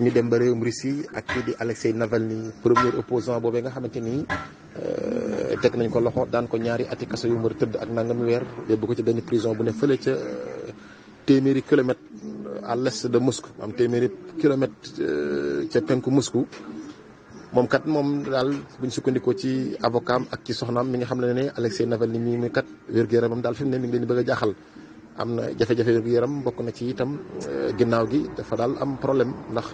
ñu dem ba réewum Russie ak kii di Alexei Navalny premier opposant boobee nga xamante ni euh, teg nañ ko loxo daan ko ñaari ati kaso yu mër tëdd ak nangam weer yóbbu ko ci benn prison bu ne fële ca euh, téeméeri kilomètre euh, à l'est de Moscou am téeméeri kilomètre ca penku Moscou moom kat moom daal buñ sukkandikoo ci avocat am ak ci soxnaam mi nga xam ne ne Alexei Navalny mii muy kat wér gu daal fi ne mi ngi leen bëgg a jaaxal am na jafe-jafe wér-gu-yaram bokk na ci itam euh, ginnaaw gi dafa daal am problème ndax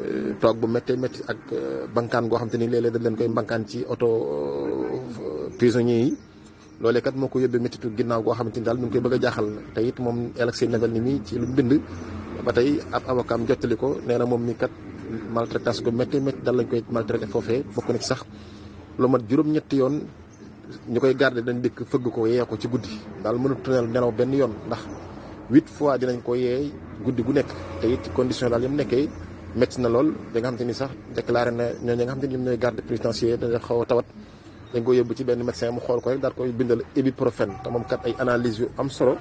euh, toog bu méttee métti ak euh, bankaan goo xam te ni léeg-léeg dañ leen koy bankaan ci oto prisonniers yi loolee kat moo ko yóbbee méttitu ginnaaw goo xamante ni daal mu ngi koy bëgg a jaaxal te it moom élection navel ni mi ci lu bind ba ab avocat am ko nee na moom mi kat maltraitance gu méttee métti daal lañ koy maltraité foofee bokk na sax lu mat juróom-ñetti yoon ñu koy garder dañ dikk fëgg ko yee ko ci guddi daal mënut a nelaw benn yoon ndax huit fois dinañ ko yee guddi gu nekk te it condition daal yam nekkee métti na lool da xam ni sax déclaré na ñoo ñi xam te ni ñoom ñooy garde pénitentiaire xaw a tawat dañ ko yóbbu ci benn médecin mu xool ko rek daal koy bindal ibuprofène te moom kat ay analyse yu am solo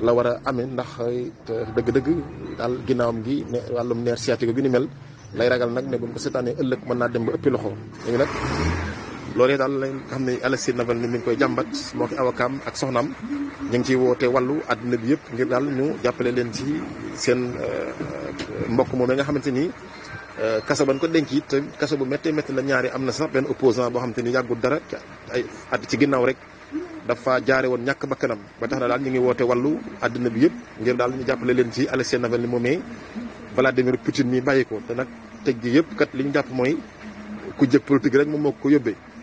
la war a amee ndax eh, dëgg-dëgg daal ginnaawam gi ne wàllum nerf sciatique bi ni mel lay ragal nag ne buñ ko seetaanee ëllëg mën naa dem ba ëppi loxo léegi nag loolee daal lañ xam ne Alexis Navalny mi ngi koy jàmbat moo ki awakaam ak soxnaam ñu ngi ciy woote wàllu àdduna bi yëpp ngir daal ñu jàppale leen ci seen euh, mbokk moom la nga xamante ni euh, kaso ban ko denc it te kaso bu méttee métti la ñaari am na sax benn boo xamante ni yàggul dara ay at ci ginnaaw rek dafa woon ñàkk bakkanam ba tax na ñu ngi woote wàllu àdduna bi yëpp ngir daal ñu jàppale leen ci Alexis Navalny moomee Vladimir Poutine mi bàyyi ko te nag teg gi yëpp kat li ñu jàpp mooy ku jëkk politique rek moom moo ko yóbbee